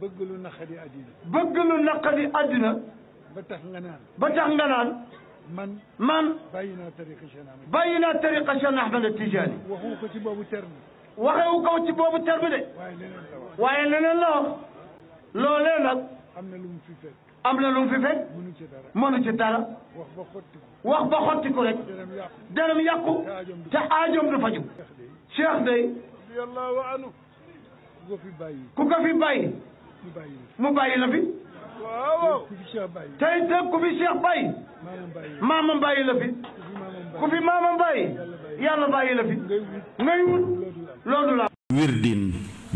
bëgg lu naqadi àddina. bëgg lu naqadi àddina. ba tax nga naan. ba tax nga naan. man. man. bàyyi naa tariqa Cheikh Ahmed. bàyyi naa tariqa Cheikh Ahmed Tidiane. waxu ko ci boobu terme. waxewu ko ci boobu terme de. waaye leneen la wax. waaye leneen la wax. loolee nag. am na lu mu fi fekk. am na lu mu fi fekk. mënu ci dara mënu ci dara. wax ba xotti ko. wax ba xotti ko rek. dërëm yàqu. te aajoom du faju. Cheikh day. radiyallahu anhu. ku ko fi bàyyi. ku ko fi bàyyi. mu bàyyi la fi tey teg ku fi Cheikh bàyyi maamam bàyyi la fi ku fi maamam bàyyi yàlla bàyyi la fi ngay wut loolu la wirdin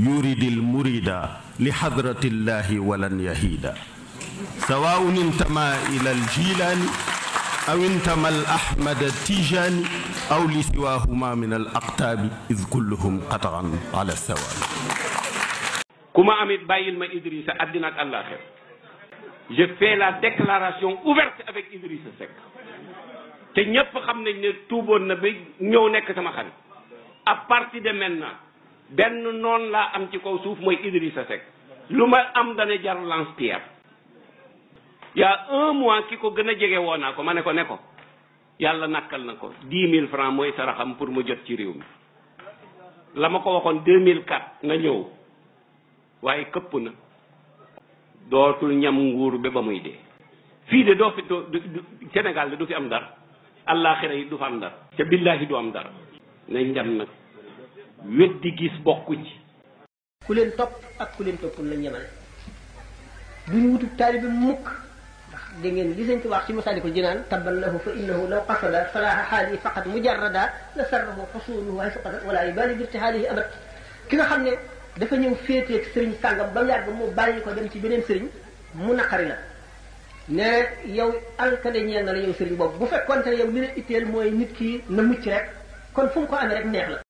yuridil murida li hadratillahi walan yahida سواء انتمى إلى الجيلاني أو انتمى الأحمد التيجاني أو لسواهما من الأقطاب إذ كلهم قطعا على السواء ku ma amit bàyyil ma Idrissa àddina ak àllaaxir je fais la déclaration ouverte avec Idrissa Seck te ñépp xam nañ ne tuuboon na ba ñëw nekk sama xarit à partir men na benn noon laa am ci kaw suuf mooy Idrissa Seck lu ma am dana jar lance pierre y'a un mois ki ko gën a jege woo naa ko ma ne ko ne ko yàlla nakkal na ko dix mille francs mooy saraxam pour mu jot ci réew mi la ma ko waxoon deux mille quatre na ñëw waaye këpp na dootul ñam nguur ba ba muy dee fii de doo fi doo Sénégal de du fi am dara allaaxira yi du fa am dara ca billaahi du am dara nañ dem nag weddi gis bokku ci ku leen topp ak ku leen toppul la ñemale duñu wutub taalibi mukk ndax da ngeen li sëñ Tuubaa ci Masaalikul Jinaan tabban lahu fa innahu law qasada salaaha xaali faqat mujarrada la sarrahu xusuuluhu hay faqat wala yubaali bi irtihaalihi abat ki nga xam ne dafa ñëw féeteeg sëriñ sàngam ba mu yàgg mu bàyyi ko dem ci beneen sëriñ mu naqari la ne yow alkade ñeel na la yow sëriñ boobu bu fekkoon te yow li la itteel mooy nit ki na mucc rek kon fu mu ko amee rek neex la